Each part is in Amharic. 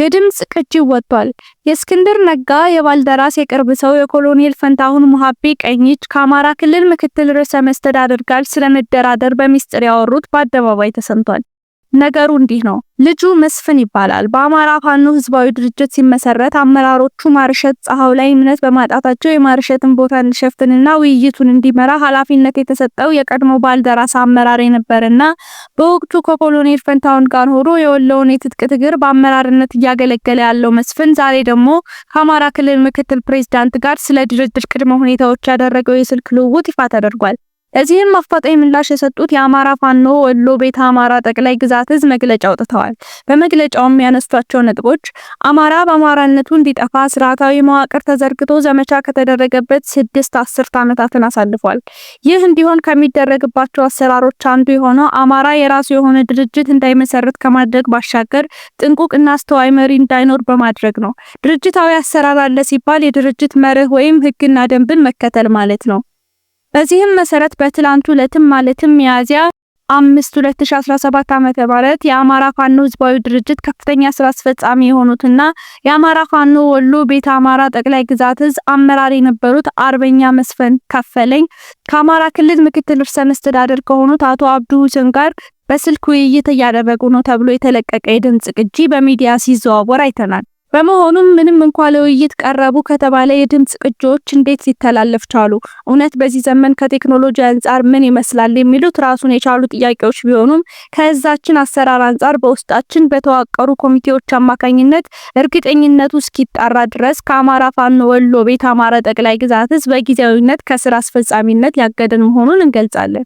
የድምፅ ቅጂ ወጥቷል። የእስክንድር ነጋ የባልደራስ የቅርብ ሰው የኮሎኔል ፈንታሁን ሙሀቤ ቀኝች ከአማራ ክልል ምክትል ርዕሰ መስተዳድር ጋር ስለመደራደር በሚስጥር ያወሩት በአደባባይ ተሰምቷል። ነገሩ እንዲህ ነው። ልጁ መስፍን ይባላል። በአማራ ፋኖ ህዝባዊ ድርጅት ሲመሰረት አመራሮቹ ማርሸት ጸሐው ላይ እምነት በማጣታቸው የማርሸትን ቦታ እንዲሸፍንና ውይይቱን እንዲመራ ኃላፊነት የተሰጠው የቀድሞ ባልደራስ አመራር የነበረና በወቅቱ ከኮሎኔል ፈንታውን ጋር ሆኖ የወሎውን የትጥቅ ትግር በአመራርነት እያገለገለ ያለው መስፍን ዛሬ ደግሞ ከአማራ ክልል ምክትል ፕሬዚዳንት ጋር ስለ ድርድር ቅድመ ሁኔታዎች ያደረገው የስልክ ልውውጥ ይፋ ተደርጓል። ለዚህም አፋጣኝ ምላሽ የሰጡት የአማራ ፋኖ ወሎ ቤተ አማራ ጠቅላይ ግዛት እዝ መግለጫ አውጥተዋል። በመግለጫውም ያነሷቸው ነጥቦች አማራ በአማራነቱ እንዲጠፋ ስርዓታዊ መዋቅር ተዘርግቶ ዘመቻ ከተደረገበት ስድስት አስርት ዓመታትን አሳልፏል። ይህ እንዲሆን ከሚደረግባቸው አሰራሮች አንዱ የሆነው አማራ የራሱ የሆነ ድርጅት እንዳይመሰርት ከማድረግ ባሻገር ጥንቁቅና አስተዋይ መሪ እንዳይኖር በማድረግ ነው። ድርጅታዊ አሰራር አለ ሲባል የድርጅት መርህ ወይም ህግና ደንብን መከተል ማለት ነው። በዚህም መሰረት በትላንቱ ዕለትም ማለትም ሚያዝያ አምስት 2017 ዓ.ም የአማራ ፋኖ ህዝባዊ ድርጅት ከፍተኛ ስራ አስፈጻሚ የሆኑትና የአማራ ፋኖ ወሎ ቤተ አማራ ጠቅላይ ግዛት እዝ አመራር የነበሩት አርበኛ መስፈን ከፈለኝ ከአማራ ክልል ምክትል ርዕሰ መስተዳደር ከሆኑት አቶ አብዱ ሁሴን ጋር በስልክ ውይይት እያደረጉ ነው ተብሎ የተለቀቀ የድምጽ ቅጂ በሚዲያ ሲዘዋወር አይተናል። በመሆኑም ምንም እንኳ ለውይይት ቀረቡ ከተባለ የድምፅ ቅጂዎች እንዴት ሊተላለፍ ቻሉ? እውነት በዚህ ዘመን ከቴክኖሎጂ አንጻር ምን ይመስላል? የሚሉት ራሱን የቻሉ ጥያቄዎች ቢሆኑም ከዛችን አሰራር አንጻር በውስጣችን በተዋቀሩ ኮሚቴዎች አማካኝነት እርግጠኝነቱ እስኪጣራ ድረስ ከአማራ ፋኖ ወሎ ቤት አማራ ጠቅላይ ግዛት ህዝብ በጊዜያዊነት ከስራ አስፈጻሚነት ያገደን መሆኑን እንገልጻለን።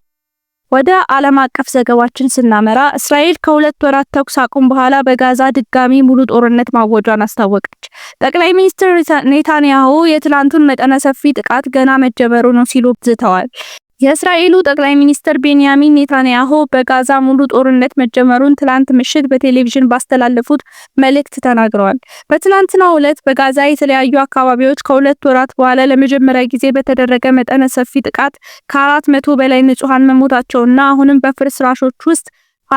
ወደ ዓለም አቀፍ ዘገባችን ስናመራ እስራኤል ከሁለት ወራት ተኩስ አቁም በኋላ በጋዛ ድጋሚ ሙሉ ጦርነት ማወጇን አስታወቀች። ጠቅላይ ሚኒስትር ኔታንያሁ የትላንቱን መጠነ ሰፊ ጥቃት ገና መጀመሩ ነው ሲሉ ዝተዋል። የእስራኤሉ ጠቅላይ ሚኒስትር ቤንያሚን ኔታንያሁ በጋዛ ሙሉ ጦርነት መጀመሩን ትላንት ምሽት በቴሌቪዥን ባስተላለፉት መልእክት ተናግረዋል። በትናንትናው ዕለት በጋዛ የተለያዩ አካባቢዎች ከሁለት ወራት በኋላ ለመጀመሪያ ጊዜ በተደረገ መጠነ ሰፊ ጥቃት ከአራት መቶ በላይ ንጹሐን መሞታቸውና አሁንም በፍርስራሾች ውስጥ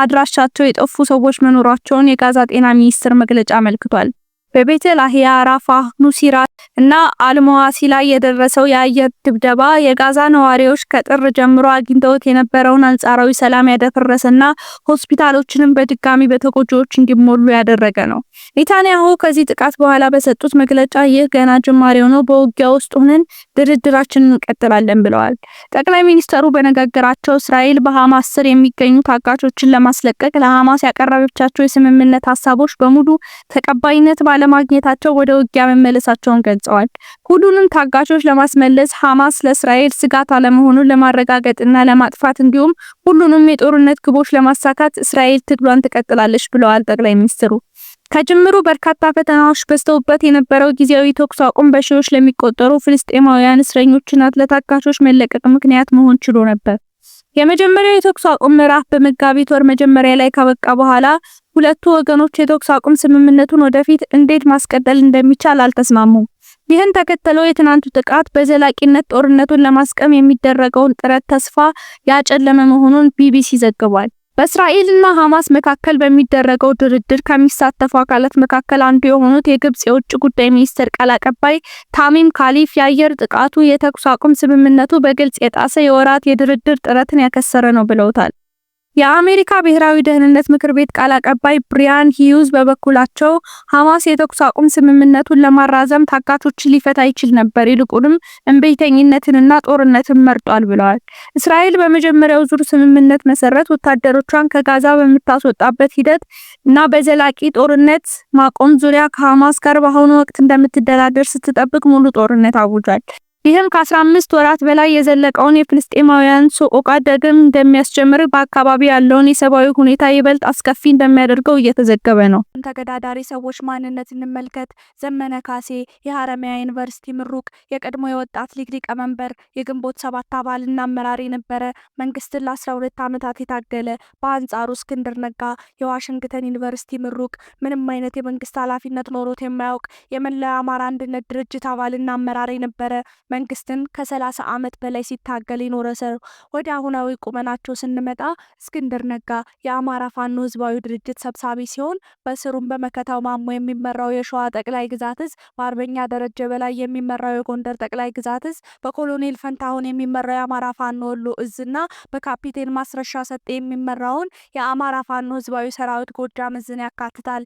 አድራሻቸው የጠፉ ሰዎች መኖራቸውን የጋዛ ጤና ሚኒስቴር መግለጫ አመልክቷል። በቤተል ላሄ ራፋ፣ ኑሲራ እና አልሞዋሲ ላይ የደረሰው የአየር ድብደባ የጋዛ ነዋሪዎች ከጥር ጀምሮ አግኝተውት የነበረውን አንጻራዊ ሰላም ያደፈረሰና ሆስፒታሎችንም በድጋሚ በተጎጂዎች እንዲሞሉ ያደረገ ነው። ኔታንያሁ ከዚህ ጥቃት በኋላ በሰጡት መግለጫ ይህ ገና ጅማሬው ነው፣ በውጊያ ውስጥ ሆነን ድርድራችንን እንቀጥላለን ብለዋል። ጠቅላይ ሚኒስተሩ በንግግራቸው እስራኤል በሐማስ ስር የሚገኙ ታጋቾችን ለማስለቀቅ ለሐማስ ያቀረበቻቸው የስምምነት ሀሳቦች በሙሉ ተቀባይነት ባለ ለማግኘታቸው ወደ ውጊያ መመለሳቸውን ገልጸዋል። ሁሉንም ታጋቾች ለማስመለስ ሐማስ ለእስራኤል ስጋት አለመሆኑን ለማረጋገጥና ለማጥፋት እንዲሁም ሁሉንም የጦርነት ግቦች ለማሳካት እስራኤል ትግሏን ትቀጥላለች ብለዋል ጠቅላይ ሚኒስትሩ። ከጅምሩ በርካታ ፈተናዎች በዝተውበት የነበረው ጊዜያዊ ተኩስ አቁም በሺዎች ለሚቆጠሩ ፍልስጤማውያን እስረኞችና ለታጋቾች መለቀቅ ምክንያት መሆን ችሎ ነበር። የመጀመሪያው የተኩስ አቁም ምዕራፍ በመጋቢት ወር መጀመሪያ ላይ ካበቃ በኋላ ሁለቱ ወገኖች የተኩስ አቁም ስምምነቱን ወደፊት እንዴት ማስቀጠል እንደሚቻል አልተስማሙም። ይህን ተከትሎ የትናንቱ ጥቃት በዘላቂነት ጦርነቱን ለማስቀም የሚደረገውን ጥረት ተስፋ ያጨለመ መሆኑን ቢቢሲ ዘግቧል። በእስራኤልና ሐማስ መካከል በሚደረገው ድርድር ከሚሳተፉ አካላት መካከል አንዱ የሆኑት የግብጽ የውጭ ጉዳይ ሚኒስትር ቃል አቀባይ ታሚም ካሊፍ የአየር ጥቃቱ የተኩስ አቁም ስምምነቱ በግልጽ የጣሰ የወራት የድርድር ጥረትን ያከሰረ ነው ብለውታል። የአሜሪካ ብሔራዊ ደህንነት ምክር ቤት ቃል አቀባይ ብሪያን ሂዩዝ በበኩላቸው ሐማስ የተኩስ አቁም ስምምነቱን ለማራዘም ታጋቾችን ሊፈታ ይችል ነበር፣ ይልቁንም እምቢተኝነትንና ጦርነትን መርጧል ብለዋል። እስራኤል በመጀመሪያው ዙር ስምምነት መሰረት ወታደሮቿን ከጋዛ በምታስወጣበት ሂደት እና በዘላቂ ጦርነት ማቆም ዙሪያ ከሐማስ ጋር በአሁኑ ወቅት እንደምትደራደር ስትጠብቅ ሙሉ ጦርነት አውጇል። ይህም ከ15 ወራት በላይ የዘለቀውን የፍልስጤማውያን ሰቆቃ ዳግም እንደሚያስጀምር፣ በአካባቢ ያለውን የሰብአዊ ሁኔታ ይበልጥ አስከፊ እንደሚያደርገው እየተዘገበ ነው። ተገዳዳሪ ሰዎች ማንነት እንመልከት። ዘመነ ካሴ የሀረሚያ ዩኒቨርሲቲ ምሩቅ፣ የቀድሞ የወጣት ሊግ ሊቀመንበር፣ የግንቦት ሰባት አባልና አመራር የነበረ መንግስትን ለ12 ዓመታት የታገለ በአንጻሩ እስክንድር ነጋ የዋሽንግተን ዩኒቨርሲቲ ምሩቅ ምንም አይነት የመንግስት ኃላፊነት ኖሮት የማያውቅ የመላው አማራ አንድነት ድርጅት አባልና አመራር የነበረ መንግስትን ከሰላሳ ዓመት በላይ ሲታገል የኖረ ሰው ወደ አሁናዊ ቁመናቸው ስንመጣ እስክንድር ነጋ የአማራ ፋኖ ህዝባዊ ድርጅት ሰብሳቢ ሲሆን በስሩም በመከታው ማሞ የሚመራው የሸዋ ጠቅላይ ግዛት እዝ፣ በአርበኛ ደረጀ በላይ የሚመራው የጎንደር ጠቅላይ ግዛት እዝ፣ በኮሎኔል ፈንታሁን የሚመራው የአማራ ፋኖ ወሎ እዝና በካፒቴን ማስረሻ ሰጤ የሚመራውን የአማራ ፋኖ ህዝባዊ ሰራዊት ጎጃም እዝን ያካትታል።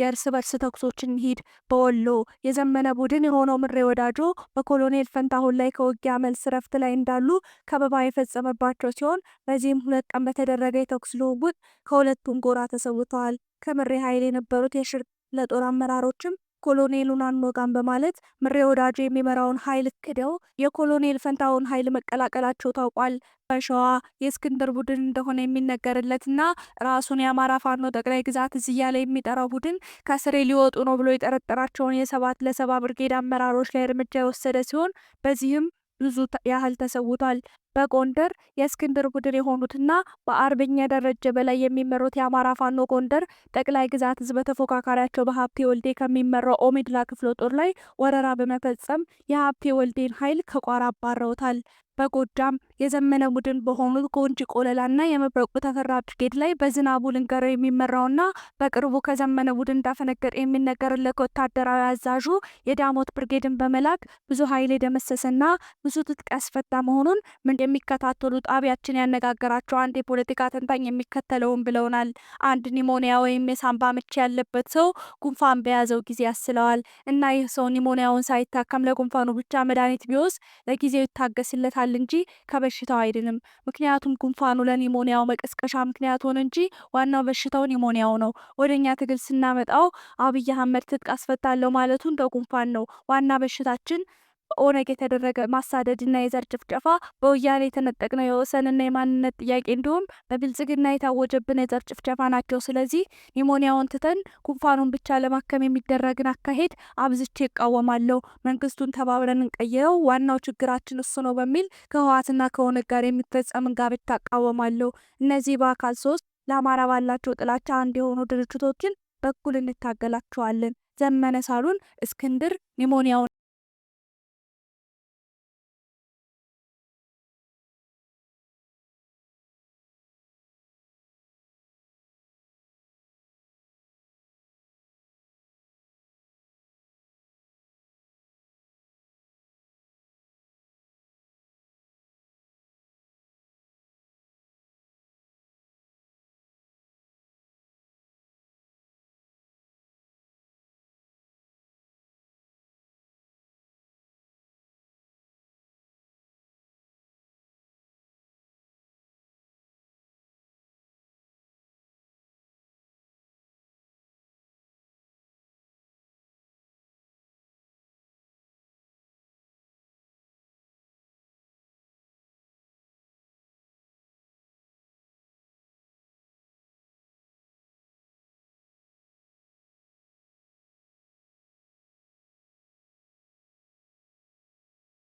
የእርስ በርስ ተኩሶችን ሂድ በወሎ የዘመነ ቡድን የሆነው ምሬ ወዳጆ በኮሎኔል ፈንታሁን ላይ ከውጊያ መልስ ረፍት ላይ እንዳሉ ከበባ የፈጸመባቸው ሲሆን በዚህም ሁለት ቀን በተደረገ የተኩስ ልውውጥ ከሁለቱም ጎራ ተሰውተዋል። ከምሬ ኃይል የነበሩት የሽርጥ ለጦር አመራሮችም ኮሎኔሉን አንወጋም በማለት ምሬ ወዳጅ የሚመራውን ኃይል ክደው የኮሎኔል ፈንታውን ኃይል መቀላቀላቸው ታውቋል። በሸዋ የእስክንድር ቡድን እንደሆነ የሚነገርለትና ራሱን የአማራ ፋኖ ጠቅላይ ግዛት እዝ እያለ የሚጠራው ቡድን ከስሬ ሊወጡ ነው ብሎ የጠረጠራቸውን የሰባት ለሰባ ብርጌድ አመራሮች ላይ እርምጃ የወሰደ ሲሆን በዚህም ብዙ ያህል ተሰውቷል። በጎንደር የእስክንድር ቡድን የሆኑትና በአርበኛ ደረጀ በላይ የሚመሩት የአማራ ፋኖ ጎንደር ጠቅላይ ግዛት ህዝብ ተፎካካሪያቸው በሀብቴ ወልዴ ከሚመራው ኦሜድላ ክፍለ ጦር ላይ ወረራ በመፈጸም የሀብቴ ወልዴን ኃይል ከቋራ አባረውታል። በጎጃም የዘመነ ቡድን በሆኑ ከወንጂ ቆለላና የመብረቁ ተፈራ ብርጌድ ላይ በዝናቡ ልንገረው የሚመራውና በቅርቡ ከዘመነ ቡድን እንዳፈነገጠ የሚነገርለት ወታደራዊ አዛዡ የዳሞት ብርጌድን በመላክ ብዙ ኃይል የደመሰሰና ብዙ ትጥቅ ያስፈታ መሆኑን ምን የሚከታተሉ ጣቢያችን ያነጋገራቸው አንድ የፖለቲካ ተንታኝ የሚከተለውን ብለውናል። አንድ ኒሞኒያ ወይም የሳምባ ምች ያለበት ሰው ጉንፋን በያዘው ጊዜ ያስለዋል እና ይህ ሰው ኒሞኒያውን ሳይታከም ለጉንፋኑ ብቻ መድኃኒት ቢወስ ለጊዜው ይታገስለታል ይችላል እንጂ ከበሽታው አይድንም። ምክንያቱም ጉንፋኑ ለኒሞኒያው መቀስቀሻ ምክንያት ሆነ እንጂ ዋናው በሽታው ኒሞኒያው ነው። ወደኛ ትግል ስናመጣው አብይ አህመድ ትጥቅ አስፈታለሁ ማለቱ እንደ ጉንፋን ነው። ዋና በሽታችን ኦነግ የተደረገ ማሳደድና የዘር ጭፍጨፋ፣ በወያኔ የተነጠቅነው የወሰንና የማንነት ጥያቄ እንዲሁም በብልጽግና የታወጀብን የዘር ጭፍጨፋ ናቸው። ስለዚህ ኒሞኒያውን ትተን ጉንፋኑን ብቻ ለማከም የሚደረግን አካሄድ አብዝቼ ይቃወማለሁ። መንግስቱን ተባብረን እንቀይረው፣ ዋናው ችግራችን እሱ ነው በሚል ከህወሓትና ከኦነግ ጋር የሚፈጸምን ጋብቻ እቃወማለሁ። እነዚህ በአካል ሶስት ለአማራ ባላቸው ጥላቻ አንድ የሆኑ ድርጅቶችን በኩል እንታገላቸዋለን። ዘመነ ሳሉን፣ እስክንድር ኒሞኒያውን